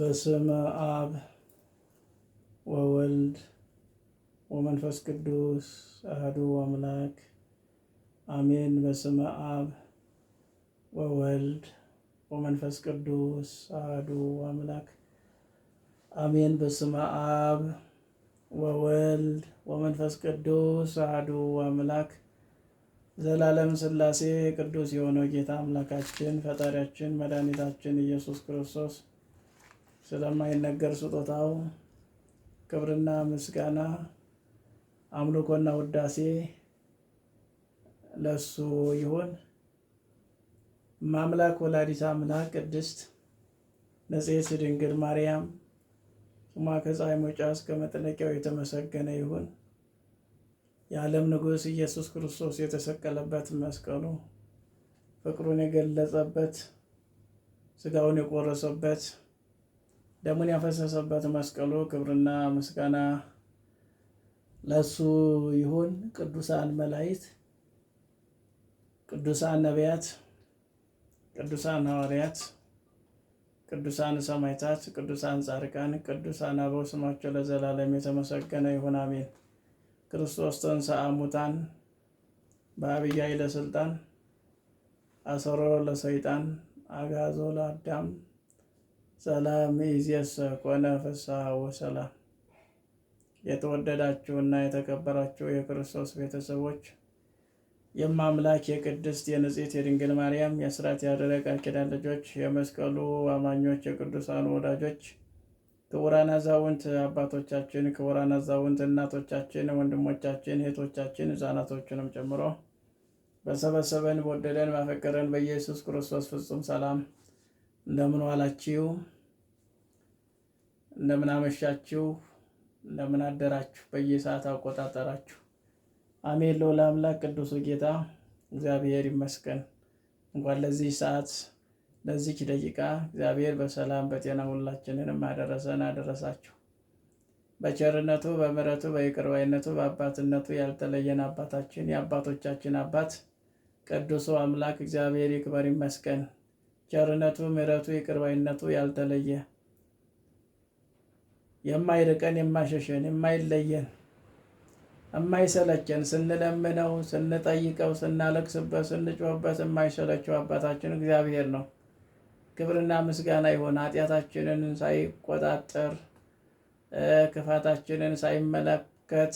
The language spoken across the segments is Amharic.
በስም አብ ወወልድ ወመንፈስ ቅዱስ አህዱ አምላክ አሜን። በስመ አብ ወወልድ ወመንፈስ ቅዱስ አህዱ አምላክ አሜን። በስመ አብ ወወልድ ወመንፈስ ቅዱስ አህዱ አምላክ ዘላለም ሥላሴ ቅዱስ የሆነው ጌታ አምላካችን ፈጣሪያችን መድኃኒታችን ኢየሱስ ክርስቶስ ስለማይነገር ስጦታው ክብርና ምስጋና አምልኮና ውዳሴ ለሱ ይሁን። ማምላክ ወላዲተ አምላክ ቅድስት ንጽሕት ድንግል ማርያም ስሟ ከፀሐይ መውጫ እስከ መጥለቂያው የተመሰገነ ይሁን። የዓለም ንጉሥ ኢየሱስ ክርስቶስ የተሰቀለበት መስቀሉ ፍቅሩን የገለጸበት ስጋውን የቆረሰበት ደሙን ያፈሰሰበት መስቀሉ ክብርና ምስጋና ለሱ ይሁን። ቅዱሳን መላእክት፣ ቅዱሳን ነቢያት፣ ቅዱሳን ሐዋርያት፣ ቅዱሳን ሰማዕታት፣ ቅዱሳን ጻድቃን፣ ቅዱሳን አበው ስማቸው ለዘላለም የተመሰገነ ይሁን አሜን። ክርስቶስ ተንሥአ እሙታን በዐቢይ ኃይለ አሰሮ ለሰይጣን አግዓዞ ለአዳም ሰላም ይእዜሰ ኮነ ፍስሐ ወሰላም። የተወደዳችሁና የተከበራችሁ የክርስቶስ ቤተሰቦች የማምላክ የቅድስት የንጽሕት የድንግል ማርያም የስራት ያደረግ ኪዳን ልጆች የመስቀሉ አማኞች የቅዱሳኑ ወዳጆች ክቡራን አዛውንት አባቶቻችን፣ ክቡራን አዛውንት እናቶቻችን፣ ወንድሞቻችን፣ እህቶቻችን ሕፃናቶችንም ጨምሮ በሰበሰበን በወደደን ባፈቀረን በኢየሱስ ክርስቶስ ፍጹም ሰላም እንደምን ዋላችሁ፣ እንደምን አመሻችሁ፣ እንደምን አደራችሁ በየሰዓት አቆጣጠራችሁ። አሜን። ልዑል አምላክ ቅዱሱ ጌታ እግዚአብሔር ይመስገን። እንኳን ለዚህ ሰዓት ለዚች ደቂቃ እግዚአብሔር በሰላም በጤና ሁላችንንም አደረሰን አደረሳችሁ። በቸርነቱ በምሕረቱ በይቅርባይነቱ በአባትነቱ ያልተለየን አባታችን የአባቶቻችን አባት ቅዱሱ አምላክ እግዚአብሔር ይክበር ይመስገን። ቸርነቱ፣ ምሕረቱ፣ ይቅርባይነቱ ያልተለየ የማይርቀን የማሸሸን የማይለየን የማይሰለቸን ስንለምነው ስንጠይቀው ስናለቅስበት ስንጮህበት የማይሰለቸው አባታችን እግዚአብሔር ነው። ክብርና ምስጋና ይሆን። ኃጢአታችንን ሳይቆጣጠር ክፋታችንን ሳይመለከት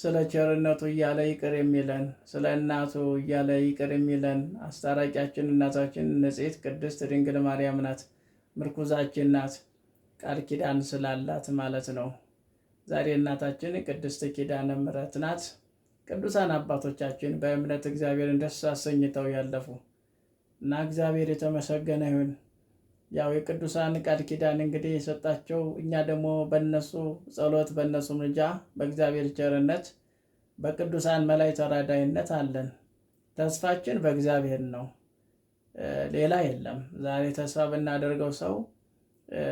ስለ ቸርነቱ እያለ ይቅር የሚለን ስለ እናቱ እያለ ይቅር የሚለን አስታራቂያችን እናታችን ንጽሕት ቅድስት ድንግል ማርያም ናት። ምርኩዛችን ናት። ቃል ኪዳን ስላላት ማለት ነው። ዛሬ እናታችን ቅድስት ኪዳነ ምሕረት ናት። ቅዱሳን አባቶቻችን በእምነት እግዚአብሔርን ደስ አሰኝተው ያለፉ እና እግዚአብሔር የተመሰገነ ይሁን። ያው የቅዱሳን ቃል ኪዳን እንግዲህ የሰጣቸው እኛ ደግሞ በነሱ ጸሎት በነሱ ምልጃ በእግዚአብሔር ቸርነት በቅዱሳን መላይ ተራዳይነት አለን። ተስፋችን በእግዚአብሔር ነው፣ ሌላ የለም። ዛሬ ተስፋ ብናደርገው ሰው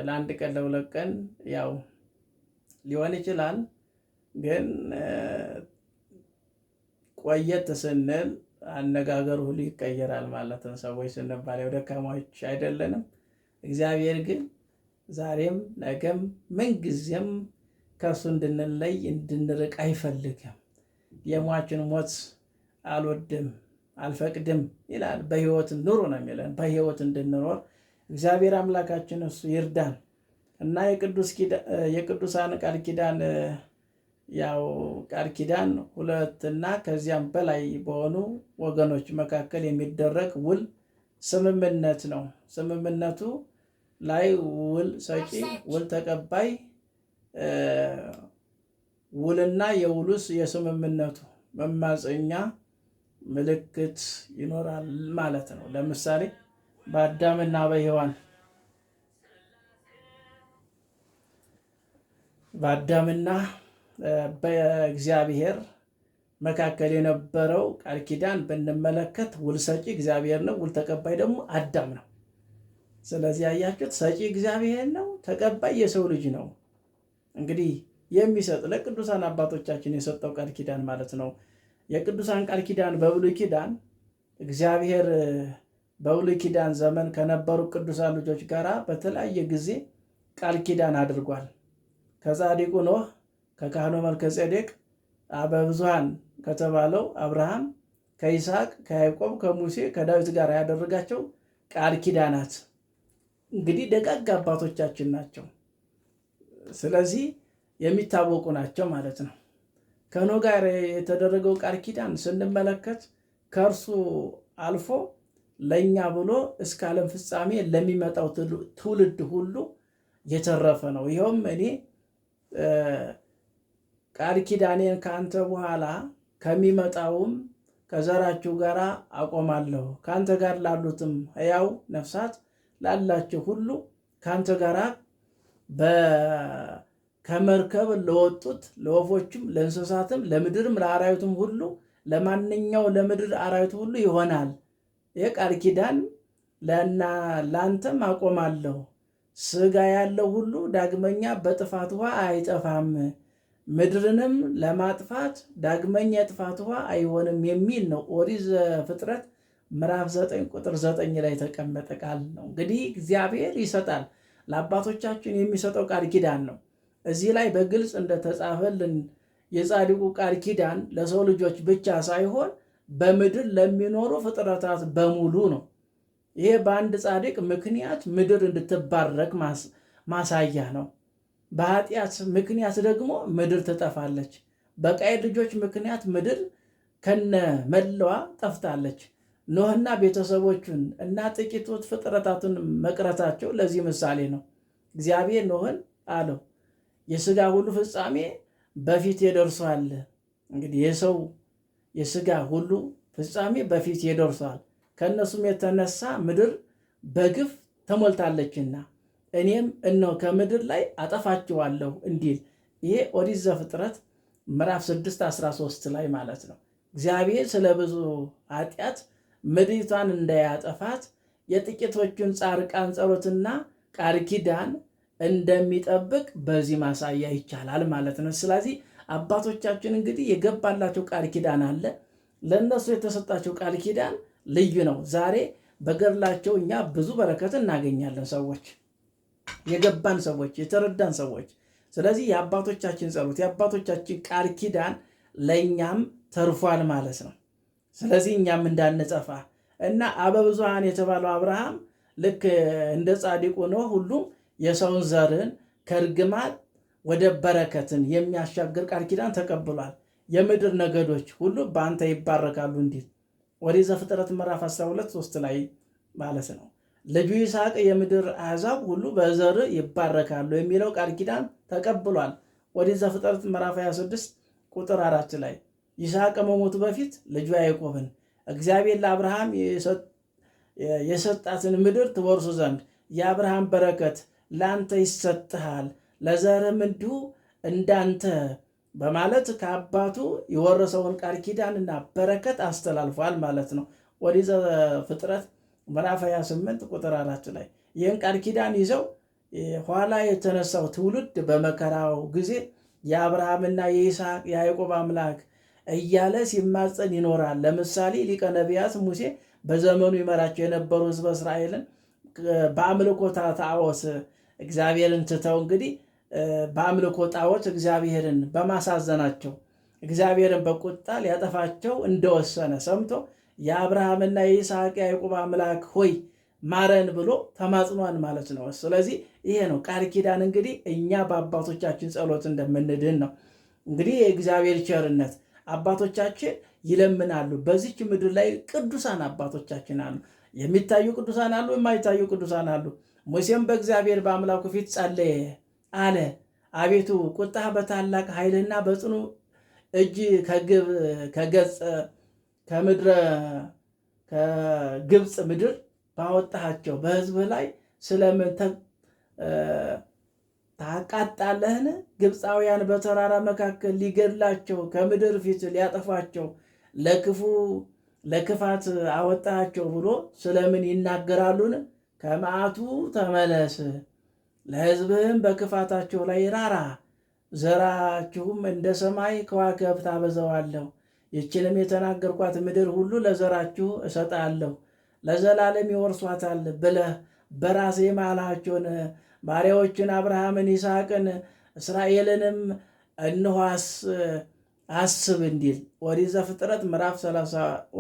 ለአንድ ቀን ለሁለት ቀን ያው ሊሆን ይችላል፣ ግን ቆየት ስንል አነጋገሩ ሁሉ ይቀየራል ማለት ነው። ሰዎች ስንባል ያው ደካማዎች አይደለንም። እግዚአብሔር ግን ዛሬም ነገም ምንጊዜም ከእሱ እንድንለይ እንድንርቅ አይፈልግም። የሟችን ሞት አልወድም አልፈቅድም ይላል። በህይወት ኑሩ ነው የሚለን። በህይወት እንድንኖር እግዚአብሔር አምላካችን እሱ ይርዳን እና የቅዱሳን ቃል ኪዳን ያው ቃል ኪዳን ሁለትና ከዚያም በላይ በሆኑ ወገኖች መካከል የሚደረግ ውል ስምምነት ነው። ስምምነቱ ላይ ውል ሰጪ፣ ውል ተቀባይ፣ ውልና የውሉስ የስምምነቱ መማፀኛ ምልክት ይኖራል ማለት ነው። ለምሳሌ በአዳምና በሔዋን በአዳምና በእግዚአብሔር መካከል የነበረው ቃል ኪዳን ብንመለከት ውል ሰጪ እግዚአብሔር ነው፣ ውል ተቀባይ ደግሞ አዳም ነው። ስለዚህ ያያችሁት ሰጪ እግዚአብሔር ነው፣ ተቀባይ የሰው ልጅ ነው። እንግዲህ የሚሰጥ ለቅዱሳን አባቶቻችን የሰጠው ቃል ኪዳን ማለት ነው። የቅዱሳን ቃል ኪዳን በብሉይ ኪዳን እግዚአብሔር በብሉይ ኪዳን ዘመን ከነበሩ ቅዱሳን ልጆች ጋር በተለያየ ጊዜ ቃል ኪዳን አድርጓል። ከጻድቁ ኖህ፣ ከካህኑ መልከ አበብዙሃን ከተባለው አብርሃም፣ ከይስሐቅ፣ ከያዕቆብ፣ ከሙሴ፣ ከዳዊት ጋር ያደረጋቸው ቃል ኪዳናት እንግዲህ ደጋግ አባቶቻችን ናቸው። ስለዚህ የሚታወቁ ናቸው ማለት ነው። ከኖ ጋር የተደረገው ቃል ኪዳን ስንመለከት ከእርሱ አልፎ ለእኛ ብሎ እስከ ዓለም ፍጻሜ ለሚመጣው ትውልድ ሁሉ የተረፈ ነው። ይኸውም እኔ ቃል ኪዳኔን ከአንተ በኋላ ከሚመጣውም ከዘራችሁ ጋር አቆማለሁ፣ ከአንተ ጋር ላሉትም ሕያው ነፍሳት ላላቸው ሁሉ ከአንተ ጋር ከመርከብ ለወጡት ለወፎችም፣ ለእንስሳትም፣ ለምድርም፣ ለአራዊትም ሁሉ ለማንኛው ለምድር አራዊት ሁሉ ይሆናል። ይህ ቃል ኪዳን ለአንተም አቆማለሁ። ስጋ ያለው ሁሉ ዳግመኛ በጥፋት ውሃ አይጠፋም፣ ምድርንም ለማጥፋት ዳግመኛ የጥፋት ውሃ አይሆንም የሚል ነው ኦሪት ዘፍጥረት ምዕራፍ ዘጠኝ ቁጥር ዘጠኝ ላይ የተቀመጠ ቃል ነው። እንግዲህ እግዚአብሔር ይሰጣል፣ ለአባቶቻችን የሚሰጠው ቃል ኪዳን ነው። እዚህ ላይ በግልጽ እንደተጻፈልን የጻድቁ ቃል ኪዳን ለሰው ልጆች ብቻ ሳይሆን በምድር ለሚኖሩ ፍጥረታት በሙሉ ነው። ይሄ በአንድ ጻድቅ ምክንያት ምድር እንድትባረክ ማሳያ ነው። በኃጢአት ምክንያት ደግሞ ምድር ትጠፋለች። በቃይ ልጆች ምክንያት ምድር ከነ መለዋ ጠፍታለች። ኖህና ቤተሰቦቹን እና ጥቂቶች ፍጥረታቱን መቅረታቸው ለዚህ ምሳሌ ነው። እግዚአብሔር ኖህን አለው የስጋ ሁሉ ፍጻሜ በፊት የደርሷል። እንግዲህ የሰው የስጋ ሁሉ ፍጻሜ በፊት የደርሷል። ከእነሱም የተነሳ ምድር በግፍ ተሞልታለችና እኔም እነ ከምድር ላይ አጠፋችኋለሁ እንዲል ይሄ ኦሪት ዘፍጥረት ምዕራፍ 6 13 ላይ ማለት ነው። እግዚአብሔር ስለ ብዙ ኃጢአት ምድሪቷን እንዳያጠፋት የጥቂቶቹን ጻድቃን ጸሎትና ቃል ኪዳን እንደሚጠብቅ በዚህ ማሳያ ይቻላል ማለት ነው። ስለዚህ አባቶቻችን እንግዲህ የገባላቸው ቃል ኪዳን አለ። ለእነሱ የተሰጣቸው ቃል ኪዳን ልዩ ነው። ዛሬ በገድላቸው እኛ ብዙ በረከት እናገኛለን። ሰዎች የገባን ሰዎች የተረዳን ሰዎች። ስለዚህ የአባቶቻችን ጸሎት የአባቶቻችን ቃል ኪዳን ለእኛም ተርፏል ማለት ነው። ስለዚህ እኛም እንዳንጠፋ እና አበብዙሃን የተባለው አብርሃም ልክ እንደ ጻድቁ ነው። ሁሉም የሰውን ዘርን ከእርግማት ወደ በረከትን የሚያሻግር ቃል ኪዳን ተቀብሏል። የምድር ነገዶች ሁሉ በአንተ ይባረካሉ እንዲል ወደ ዘፍጥረት ምዕራፍ 12 3 ላይ ማለት ነው። ልጁ ይስሐቅ የምድር አሕዛብ ሁሉ በዘር ይባረካሉ የሚለው ቃል ኪዳን ተቀብሏል። ወደ ዘፍጥረት ምዕራፍ 26 ቁጥር አራት ላይ ይስሐቅ መሞቱ በፊት ልጁ ያዕቆብን እግዚአብሔር ለአብርሃም የሰጣትን ምድር ትወርሱ ዘንድ የአብርሃም በረከት ለአንተ ይሰጥሃል፣ ለዘርም እንዲሁ እንዳንተ በማለት ከአባቱ የወረሰውን ቃል ኪዳንና በረከት አስተላልፏል ማለት ነው። ወዲህ ዘፍጥረት ምዕራፍ 28 ቁጥር አራት ላይ ይህን ቃል ኪዳን ይዘው ኋላ የተነሳው ትውልድ በመከራው ጊዜ የአብርሃምና የይስሐቅ የያዕቆብ አምላክ እያለ ሲማፀን ይኖራል። ለምሳሌ ሊቀ ነቢያት ሙሴ በዘመኑ ይመራቸው የነበሩ ሕዝበ እስራኤልን በአምልኮ ጣዖት እግዚአብሔርን ትተው እንግዲህ በአምልኮ ጣዖት እግዚአብሔርን በማሳዘናቸው እግዚአብሔርን በቁጣ ሊያጠፋቸው እንደወሰነ ሰምቶ የአብርሃምና የይስሐቅ ያዕቆብ አምላክ ሆይ ማረን ብሎ ተማጽኗን ማለት ነው። ስለዚህ ይሄ ነው ቃል ኪዳን እንግዲህ እኛ በአባቶቻችን ጸሎት እንደምንድን ነው እንግዲህ የእግዚአብሔር ቸርነት አባቶቻችን ይለምናሉ። በዚች ምድር ላይ ቅዱሳን አባቶቻችን አሉ። የሚታዩ ቅዱሳን አሉ፣ የማይታዩ ቅዱሳን አሉ። ሙሴም በእግዚአብሔር በአምላኩ ፊት ጸለየ አለ። አቤቱ ቁጣ በታላቅ ኃይልና በጽኑ እጅ ከገጽ ከምድረ ከግብፅ ምድር ባወጣሃቸው በሕዝብህ ላይ ስለምን ታቃጣለህን? ግብፃውያን በተራራ መካከል ሊገድላቸው ከምድር ፊት ሊያጠፋቸው ለክፉ ለክፋት አወጣቸው ብሎ ስለምን ይናገራሉን? ከመዓቱ ተመለስ፣ ለሕዝብህም በክፋታቸው ላይ ራራ፣ ዘራችሁም እንደ ሰማይ ከዋክብት አበዛዋለሁ። ይችንም የተናገርኳት ምድር ሁሉ ለዘራችሁ እሰጣለሁ፣ ለዘላለም ይወርሷታል ብለህ በራሴ ማላቸውን ባሪያዎችን አብርሃምን፣ ይስሐቅን፣ እስራኤልንም እንሆ አስብ እንዲል ወሪዘ ፍጥረት ምዕራፍ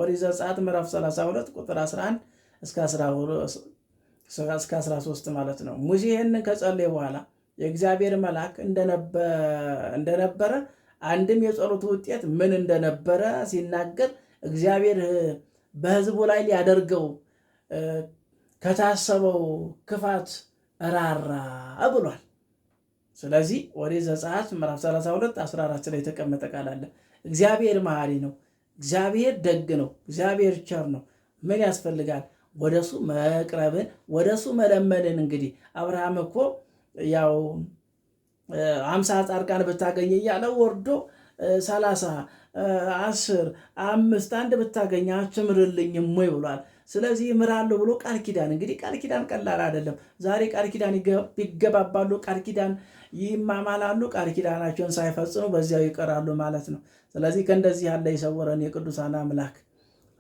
ኦሪት ምዕራፍ 32 ቁጥር 11 እስከ 13 ማለት ነው። ሙሴ ይህንን ከጸለየ በኋላ የእግዚአብሔር መልአክ እንደነበረ አንድም የጸሎቱ ውጤት ምን እንደነበረ ሲናገር እግዚአብሔር በሕዝቡ ላይ ሊያደርገው ከታሰበው ክፋት ራራ ብሏል። ስለዚህ ወደ ዘጸአት ምዕራፍ 32 14 ላይ የተቀመጠ ቃል አለ። እግዚአብሔር መሐሪ ነው፣ እግዚአብሔር ደግ ነው፣ እግዚአብሔር ቸር ነው። ምን ያስፈልጋል? ወደሱ መቅረብን ወደሱ መለመንን። እንግዲህ አብርሃም እኮ ያው አምሳ ጻድቃን ብታገኝ እያለ ወርዶ ሰላሳ አስር አምስት አንድ ብታገኝ አትምርልኝም ወይ ብሏል። ስለዚህ እምራለሁ ብሎ ቃል ኪዳን እንግዲህ ቃል ኪዳን ቀላል አይደለም። ዛሬ ቃል ኪዳን ይገባባሉ፣ ቃል ኪዳን ይማማላሉ፣ ቃል ኪዳናቸውን ሳይፈጽሙ በዚያው ይቀራሉ ማለት ነው። ስለዚህ ከእንደዚህ ያለ የሰወረን የቅዱሳን አምላክ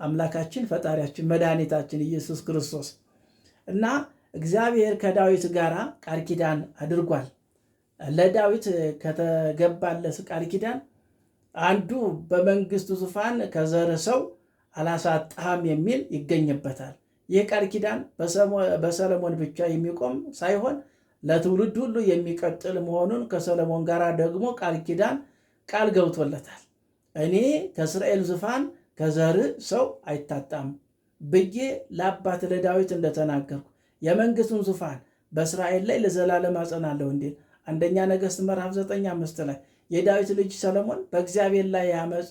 አምላካችን ፈጣሪያችን መድኃኒታችን ኢየሱስ ክርስቶስ እና እግዚአብሔር ከዳዊት ጋር ቃል ኪዳን አድርጓል። ለዳዊት ከተገባለት ቃል ኪዳን አንዱ በመንግስቱ ዙፋን ከዘር ሰው አላሳጣህም የሚል ይገኝበታል። ይህ ቃል ኪዳን በሰለሞን ብቻ የሚቆም ሳይሆን ለትውልድ ሁሉ የሚቀጥል መሆኑን ከሰለሞን ጋር ደግሞ ቃል ኪዳን ቃል ገብቶለታል። እኔ ከእስራኤል ዙፋን ከዘር ሰው አይታጣም ብዬ ለአባት ለዳዊት እንደተናገርኩ የመንግስቱን ዙፋን በእስራኤል ላይ ለዘላለም አጸናለሁ እንዲል አንደኛ ነገሥት ምዕራፍ ዘጠኝ አምስት ላይ የዳዊት ልጅ ሰለሞን በእግዚአብሔር ላይ ያመፅ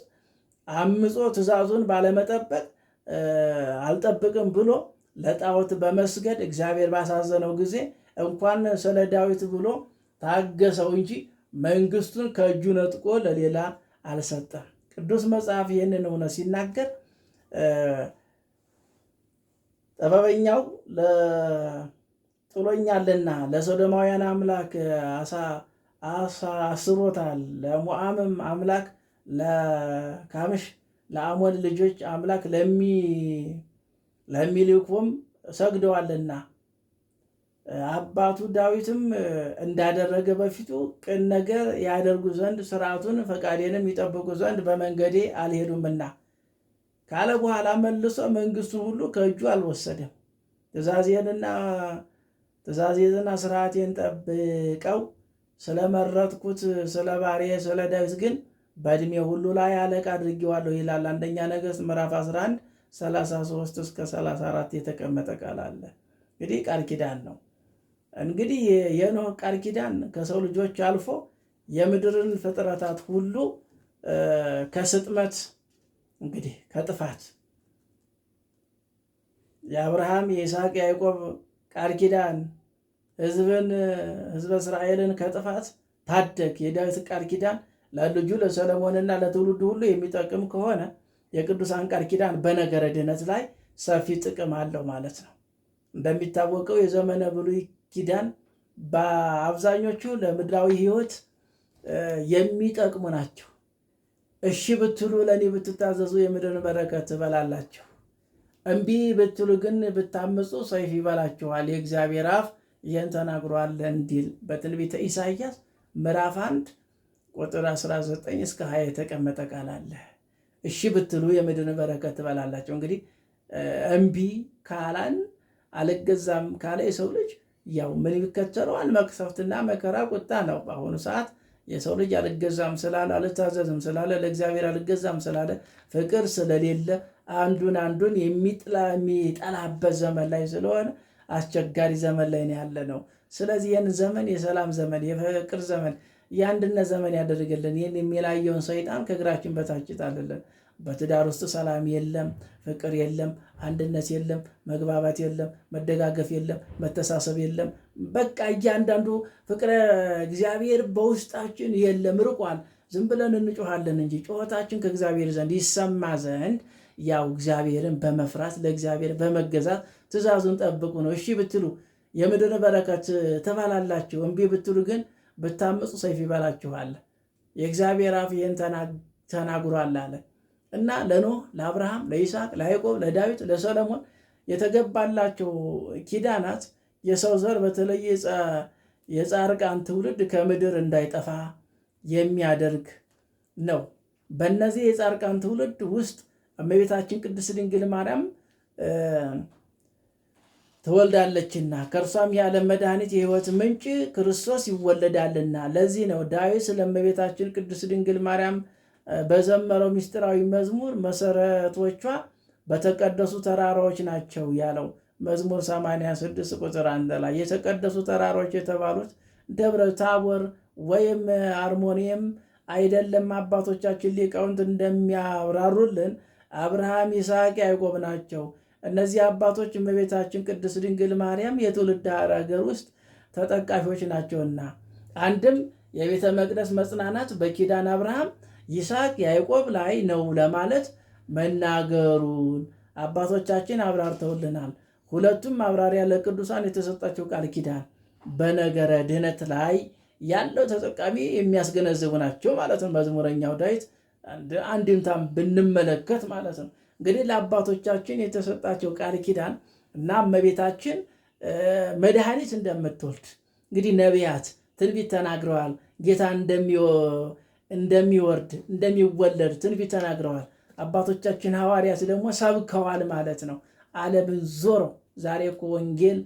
አምጾ ትእዛዙን ባለመጠበቅ አልጠብቅም ብሎ ለጣዖት በመስገድ እግዚአብሔር ባሳዘነው ጊዜ እንኳን ስለ ዳዊት ብሎ ታገሰው እንጂ መንግስቱን ከእጁ ነጥቆ ለሌላ አልሰጠም። ቅዱስ መጽሐፍ ይህንን እውነት ሲናገር ጥበበኛው ጥሎኛልና ለሶዶማውያን አምላክ አስሮታል፣ ለሞዓምም አምላክ ለካምሽ ለአሞን ልጆች አምላክ ለሚልኮም ሰግደዋልና አባቱ ዳዊትም እንዳደረገ በፊቱ ቅን ነገር ያደርጉ ዘንድ ስርዓቱን ፈቃዴንም ይጠብቁ ዘንድ በመንገዴ አልሄዱምና ካለ በኋላ መልሶ መንግስቱ ሁሉ ከእጁ አልወሰደም። ትእዛዜንና ትእዛዜንና ስርዓቴን ጠብቀው ስለመረጥኩት ስለ ባሪያዬ ስለ ዳዊት ግን በዕድሜ ሁሉ ላይ አለቃ አድርጌዋለሁ ይላል። አንደኛ ነገሥት ምዕራፍ 11 33 እስከ 34 የተቀመጠ ቃል አለ። እንግዲህ ቃል ኪዳን ነው። እንግዲህ የኖህ ቃል ኪዳን ከሰው ልጆች አልፎ የምድርን ፍጥረታት ሁሉ ከስጥመት እንግዲህ ከጥፋት የአብርሃም የይስሐቅ ያዕቆብ ቃል ኪዳን ህዝብን ህዝበ እስራኤልን ከጥፋት ታደግ የዳዊት ቃል ኪዳን ለልጁ ለሰለሞንና ለትውልድ ሁሉ የሚጠቅም ከሆነ የቅዱሳን ቃል ኪዳን በነገረ ድነት ላይ ሰፊ ጥቅም አለው ማለት ነው። እንደሚታወቀው የዘመነ ብሉይ ኪዳን በአብዛኞቹ ለምድራዊ ሕይወት የሚጠቅሙ ናቸው። እሺ ብትሉ ለእኔ ብትታዘዙ የምድርን በረከት ትበላላችሁ፣ እምቢ ብትሉ ግን ብታምፁ ሰይፍ ይበላችኋል፣ የእግዚአብሔር አፍ ይህን ተናግሯል እንዲል በትንቢተ ኢሳያስ ምዕራፍ አንድ ቁጥር 19 እስከ 20 የተቀመጠ ቃል አለ። እሺ ብትሉ የምድርን በረከት ትበላላቸው። እንግዲህ እምቢ ካላን አልገዛም ካለ የሰው ልጅ ያው ምን ይከተለዋል? መቅሰፍትና መከራ ቁጣ ነው። በአሁኑ ሰዓት የሰው ልጅ አልገዛም ስላለ አልታዘዝም ስላለ ለእግዚአብሔር አልገዛም ስላለ ፍቅር ስለሌለ አንዱን አንዱን የሚጠላበት ዘመን ላይ ስለሆነ አስቸጋሪ ዘመን ላይ ነው ያለ ነው። ስለዚህ ይህን ዘመን የሰላም ዘመን፣ የፍቅር ዘመን የአንድነት ዘመን ያደርግልን። ይህን የሚላየውን ሰይጣን ከእግራችን በታች ይጣልልን። በትዳር ውስጥ ሰላም የለም፣ ፍቅር የለም፣ አንድነት የለም፣ መግባባት የለም፣ መደጋገፍ የለም፣ መተሳሰብ የለም። በቃ እያንዳንዱ ፍቅረ እግዚአብሔር በውስጣችን የለም፣ ርቋል። ዝም ብለን እንጮኋለን እንጂ ጩኸታችን ከእግዚአብሔር ዘንድ ይሰማ ዘንድ ያው እግዚአብሔርን በመፍራት ለእግዚአብሔር በመገዛት ትእዛዙን ጠብቁ ነው። እሺ ብትሉ የምድር በረከት ትባላላችሁ፣ እምቢ ብትሉ ግን ብታምፁ ሰይፍ ይበላችኋል፣ የእግዚአብሔር አፍ ይህን ተናግሯል አለ እና ለኖህ ለአብርሃም፣ ለይስሐቅ፣ ለያዕቆብ፣ ለዳዊት፣ ለሰለሞን የተገባላቸው ኪዳናት የሰው ዘር በተለይ የጻርቃን ትውልድ ከምድር እንዳይጠፋ የሚያደርግ ነው። በእነዚህ የጻርቃን ትውልድ ውስጥ እመቤታችን ቅድስት ድንግል ማርያም ትወልዳለችና ከእርሷም የዓለም መድኃኒት የሕይወት ምንጭ ክርስቶስ ይወለዳልና። ለዚህ ነው ዳዊት ስለ እመቤታችን ቅድስት ድንግል ማርያም በዘመረው ምስጢራዊ መዝሙር መሰረቶቿ በተቀደሱ ተራራዎች ናቸው ያለው መዝሙር 86 ቁጥር አንድ ላይ የተቀደሱ ተራራዎች የተባሉት ደብረ ታቦር ወይም አርሞኒየም አይደለም። አባቶቻችን ሊቃውንት እንደሚያብራሩልን አብርሃም፣ ይስሐቅ፣ ያዕቆብ ናቸው። እነዚህ አባቶች እመቤታችን ቅድስት ድንግል ማርያም የትውልድ ሀገር ውስጥ ተጠቃሾች ናቸውና አንድም የቤተ መቅደስ መጽናናት በኪዳን አብርሃም፣ ይስሐቅ፣ ያዕቆብ ላይ ነው ለማለት መናገሩን አባቶቻችን አብራርተውልናል። ሁለቱም ማብራሪያ ለቅዱሳን የተሰጣቸው ቃል ኪዳን በነገረ ድህነት ላይ ያለው ተጠቃሚ የሚያስገነዝቡ ናቸው ማለት ነው። መዝሙረኛው ዳዊት አንድምታም ብንመለከት ማለት ነው። እንግዲህ ለአባቶቻችን የተሰጣቸው ቃል ኪዳን እና እመቤታችን መድኃኒት እንደምትወልድ እንግዲህ ነቢያት ትንቢት ተናግረዋል። ጌታ እንደሚወርድ እንደሚወለድ ትንቢት ተናግረዋል። አባቶቻችን ሐዋርያት ደግሞ ሰብከዋል ማለት ነው። ዓለምን ዞሮ ዛሬ እኮ ወንጌል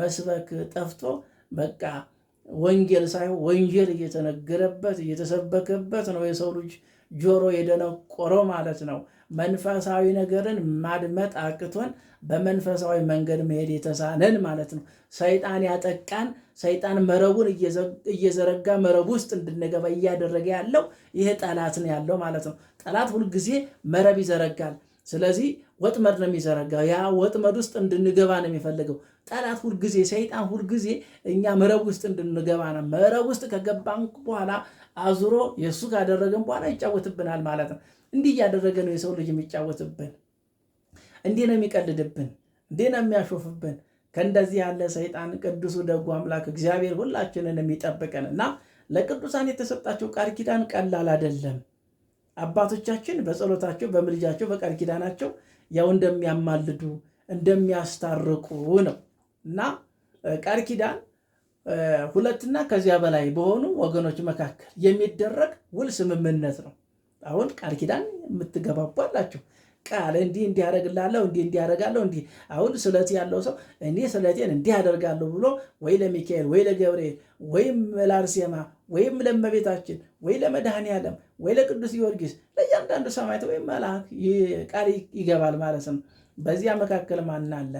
መስበክ ጠፍቶ በቃ ወንጌል ሳይሆን ወንጀል እየተነገረበት እየተሰበከበት ነው የሰው ልጅ ጆሮ የደነቆረው ማለት ነው። መንፈሳዊ ነገርን ማድመጥ አቅቶን በመንፈሳዊ መንገድ መሄድ የተሳነን ማለት ነው። ሰይጣን ያጠቃን፣ ሰይጣን መረቡን እየዘረጋ መረቡ ውስጥ እንድንገባ እያደረገ ያለው ይሄ ጠላት ነው ያለው ማለት ነው። ጠላት ሁልጊዜ መረብ ይዘረጋል። ስለዚህ ወጥመድ ነው የሚዘረጋው። ያ ወጥመድ ውስጥ እንድንገባ ነው የሚፈልገው። ጠላት ሁልጊዜ ሰይጣን ሁልጊዜ እኛ መረብ ውስጥ እንድንገባ ነው። መረብ ውስጥ ከገባን በኋላ አዙሮ የእሱ ካደረገን በኋላ ይጫወትብናል ማለት ነው። እንዲህ እያደረገ ነው የሰው ልጅ የሚጫወትብን። እንዲህ ነው የሚቀልድብን፣ እንዲህ ነው የሚያሾፍብን። ከእንደዚህ ያለ ሰይጣን ቅዱሱ ደጉ አምላክ እግዚአብሔር ሁላችንን የሚጠብቀን እና ለቅዱሳን የተሰጣቸው ቃል ኪዳን ቀላል አይደለም። አባቶቻችን በጸሎታቸው በምልጃቸው በቃል ኪዳናቸው ያው እንደሚያማልዱ እንደሚያስታርቁ ነው። እና ቃል ኪዳን ሁለትና ከዚያ በላይ በሆኑ ወገኖች መካከል የሚደረግ ውል ስምምነት ነው። አሁን ቃል ኪዳን የምትገባባላችሁ ቃል እንዲህ እንዲያደርግላለሁ እንዲህ እንዲያደርጋለሁ እንዲህ አሁን ስለት ያለው ሰው እኔ ስለቴን እንዲህ ያደርጋለሁ ብሎ ወይ ለሚካኤል ወይ ለገብርኤል ወይም ለአርሴማ ወይም ለእመቤታችን ወይ ለመድኃኔ ዓለም ወይ ለቅዱስ ጊዮርጊስ ለእያንዳንዱ ሰማዕት ወይም መልአክ ቃል ይገባል ማለት ነው። በዚያ መካከል ማን አለ?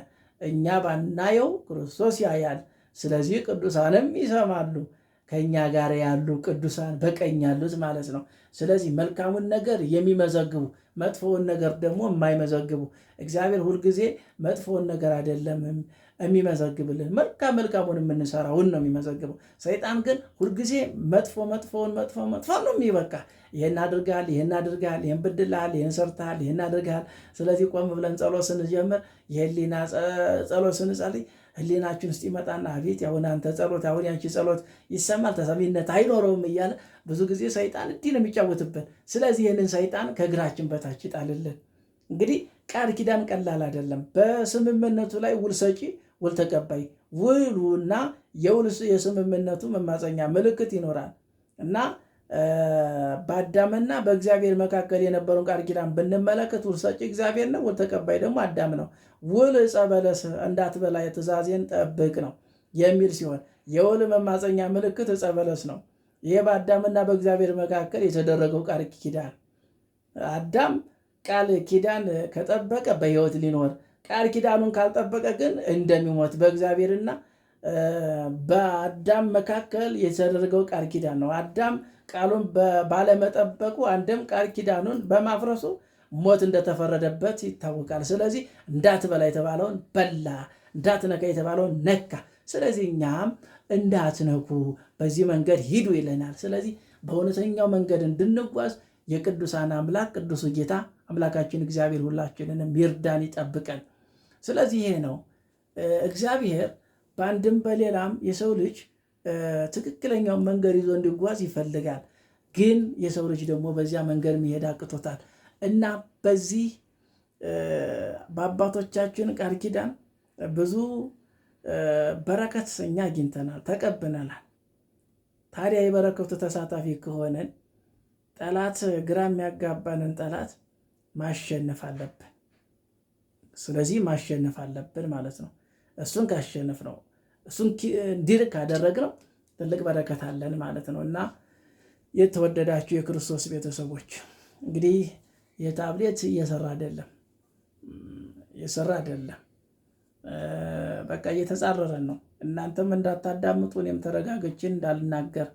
እኛ ባናየው ክርስቶስ ያያል። ስለዚህ ቅዱሳንም ይሰማሉ። ከእኛ ጋር ያሉ ቅዱሳን በቀኝ ያሉት ማለት ነው። ስለዚህ መልካሙን ነገር የሚመዘግቡ መጥፎውን ነገር ደግሞ የማይመዘግቡ እግዚአብሔር ሁልጊዜ መጥፎውን ነገር አይደለም የሚመዘግብልን መልካም መልካሙን የምንሰራውን ነው የሚመዘግበው። ሰይጣን ግን ሁልጊዜ መጥፎ መጥፎውን መጥፎ መጥፎ ነው የሚበቃ ይህን አድርጋል፣ ይህን አድርጋል፣ ይህን ብድልሃል፣ ይህን ሰርተሃል፣ ይህን አድርጋል። ስለዚህ ቆም ብለን ጸሎት ስንጀምር የህሊና ጸሎት ስንጸልይ ህሊናችን ውስጥ ይመጣና አቤት ያሁን አንተ ጸሎት አሁን ያንቺ ጸሎት ይሰማል፣ ተሰሚነት አይኖረውም እያለ ብዙ ጊዜ ሰይጣን እንዲህ ነው የሚጫወትብን። ስለዚህ ይህንን ሰይጣን ከእግራችን በታች ይጣልልን። እንግዲህ ቃል ኪዳን ቀላል አይደለም። በስምምነቱ ላይ ውል ሰጪ ውል ተቀባይ ውሉና የውል የስምምነቱ መማፀኛ ምልክት ይኖራል እና በአዳምና በእግዚአብሔር መካከል የነበረውን ቃል ኪዳን ብንመለከት ውል ሰጪ እግዚአብሔር ነው፣ ውል ተቀባይ ደግሞ አዳም ነው። ውል ዕፀ በለስ እንዳትበላ የትእዛዜን ጠብቅ ነው የሚል ሲሆን የውል መማፀኛ ምልክት ዕፀ በለስ ነው። ይሄ በአዳምና በእግዚአብሔር መካከል የተደረገው ቃል ኪዳን አዳም ቃል ኪዳን ከጠበቀ በሕይወት ሊኖር ቃል ኪዳኑን ካልጠበቀ ግን እንደሚሞት በእግዚአብሔርና በአዳም መካከል የተደረገው ቃል ኪዳን ነው። አዳም ቃሉን ባለመጠበቁ አንድም ቃል ኪዳኑን በማፍረሱ ሞት እንደተፈረደበት ይታወቃል። ስለዚህ እንዳትበላ የተባለውን በላ፣ እንዳትነካ የተባለውን ነካ። ስለዚህ እኛም እንዳትነኩ በዚህ መንገድ ሂዱ ይለናል። ስለዚህ በእውነተኛው መንገድ እንድንጓዝ የቅዱሳን አምላክ ቅዱሱ ጌታ አምላካችን እግዚአብሔር ሁላችንንም ይርዳን ይጠብቀን። ስለዚህ ይሄ ነው እግዚአብሔር በአንድም በሌላም የሰው ልጅ ትክክለኛውን መንገድ ይዞ እንዲጓዝ ይፈልጋል። ግን የሰው ልጅ ደግሞ በዚያ መንገድ መሄድ አቅቶታል እና በዚህ በአባቶቻችን ቃል ኪዳን ብዙ በረከት እኛ አግኝተናል፣ ተቀብለናል። ታዲያ የበረከቱ ተሳታፊ ከሆነን ጠላት ግራ የሚያጋባንን ጠላት ማሸነፍ አለብን። ስለዚህ ማሸነፍ አለብን ማለት ነው። እሱን ካሸነፍ ነው እሱን ካደረግ ካደረግነው ትልቅ በረከት አለን ማለት ነው እና የተወደዳችሁ የክርስቶስ ቤተሰቦች እንግዲህ የታብሌት እየሰራ አይደለም እየሰራ አይደለም። በቃ እየተጻረረን ነው። እናንተም እንዳታዳምጡ እኔም ተረጋግቼ እንዳልናገር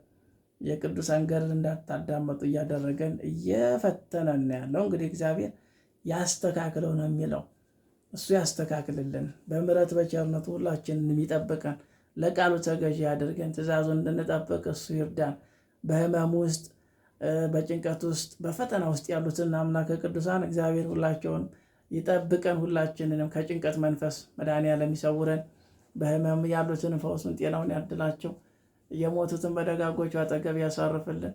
የቅዱሳን ገድል እንዳታዳመጡ እያደረገን እየፈተነን ያለው እንግዲህ እግዚአብሔር ያስተካክለው ነው የሚለው። እሱ ያስተካክልልን፣ በምሕረት በቸርነቱ ሁላችንን ይጠብቀን፣ ለቃሉ ተገዥ ያደርገን ትእዛዙን እንድንጠብቅ እሱ ይርዳን። በሕመም ውስጥ በጭንቀት ውስጥ በፈተና ውስጥ ያሉትን አምላከ ቅዱሳን እግዚአብሔር ሁላቸውን ይጠብቀን፣ ሁላችንንም ከጭንቀት መንፈስ መድኃኔ ዓለም ይሰውረን። ያሉትን ፈውሱን ጤናውን ያድላቸው። የሞቱትን በደጋጎቹ አጠገብ ያሳርፍልን፣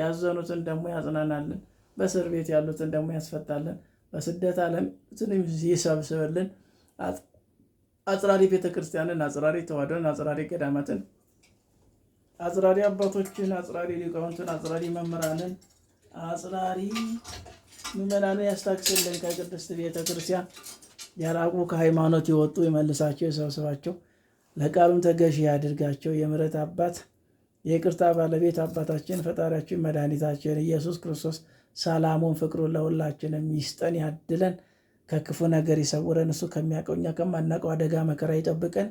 ያዘኑትን ደግሞ ያጽናናልን፣ በእስር ቤት ያሉትን ደግሞ ያስፈታልን፣ በስደት ዓለም ይሰብስብልን። አጽራሪ ቤተክርስቲያንን፣ አጽራሪ ተዋህዶን፣ አጽራሪ ገዳማትን፣ አጽራሪ አባቶችን፣ አጽራሪ ሊቃውንትን፣ አጽራሪ መምህራንን፣ አጽራሪ ምዕመናንን ያስታክስልን። ከቅድስት ቤተክርስቲያን ያራቁ ከሃይማኖት የወጡ ይመልሳቸው፣ ይሰብስባቸው። ለቃሉም ተገዢ ያድርጋቸው። የምሕረት አባት የቅርታ ባለቤት አባታችን ፈጣሪያችን መድኃኒታችን ኢየሱስ ክርስቶስ ሰላሙን፣ ፍቅሩን ለሁላችንም ይስጠን ያድለን፣ ከክፉ ነገር ይሰውረን፣ እሱ ከሚያውቀው እኛ ከማናውቀው አደጋ መከራ ይጠብቀን።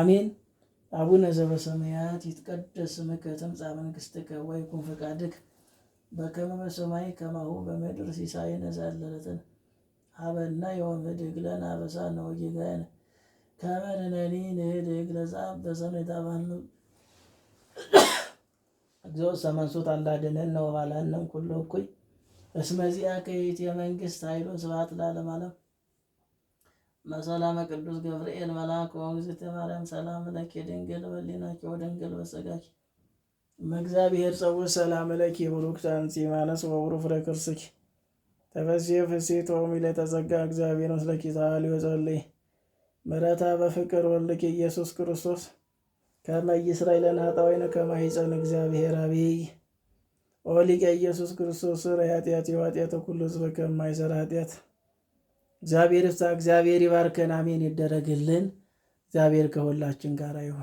አሜን። አቡነ ዘበሰማያት ይትቀደስ ስምከ ትምጻእ መንግሥትከ ወይኩን ፈቃድከ በከመ በሰማይ ከማሁ በምድር ሲሳየነ ዘለለዕለትነ ሀበነ ዮም ኅድግ ለነ አበሳነ ወጌጋየነ ከበደለኒ ንህድግ ለዛብ በሰሜታ እግዚኦ ነው ኩሎ እኩይ እስመዚያ የመንግስት ኃይሉ ስብሐት ለዓለመ ዓለም መሰላመ ቅዱስ ገብርኤል መልአክ ወእግዝእት ማርያም ሰላም ለኪ ድንግል ወድንግል ሰላም ለኪ ብሩክት ማነስ ክርስኪ እግዚአብሔር ምስለኪ ታሊ ወጸልይ ምረታ በፍቅር ወልክ ኢየሱስ ክርስቶስ ከመይ እስራኤልን ኃጣዊን ከማይፀን እግዚአብሔር አብይ ኦሊቀ ኢየሱስ ክርስቶስ ስር ኃጢአት የኃጢአተ ሁሉ ሕዝብ ከማይሰራ ኃጢአት እግዚአብሔር ይፍታ። እግዚአብሔር ይባርከን። አሜን ይደረግልን። እግዚአብሔር ከሁላችን ጋር ይሆን።